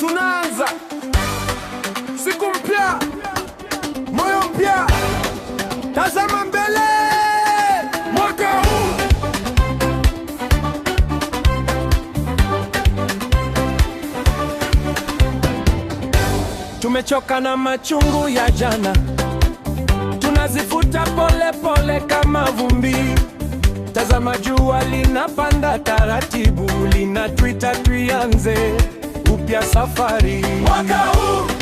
tunaanza siku mpya, moyo mpya, tazama mbele mwaka huu. Tumechoka na machungu ya jana, tunazifuta pole pole kama vumbi. Tazama jua linapanda taratibu, linatwita tuianze Etiópia, Safari. Macaú!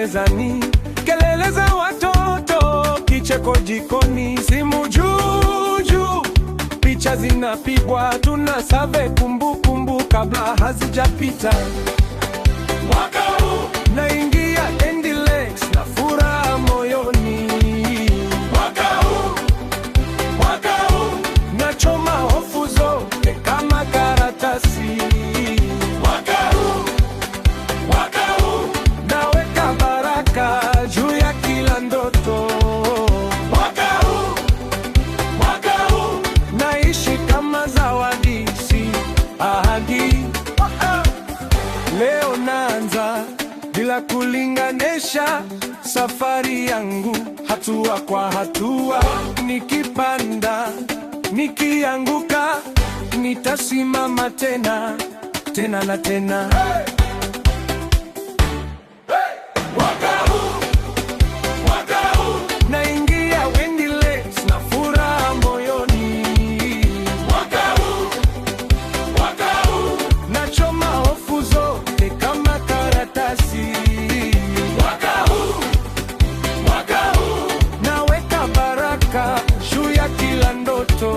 mezani, kelele za watoto, kicheko jikoni, simu juju picha zinapigwa, tuna save kumbukumbu kabla hazijapita mwaka haki. Leo naanza bila kulinganisha safari yangu, hatua kwa hatua, nikipanda, nikianguka, nitasimama tena tena na tena hey! ¡Gracias!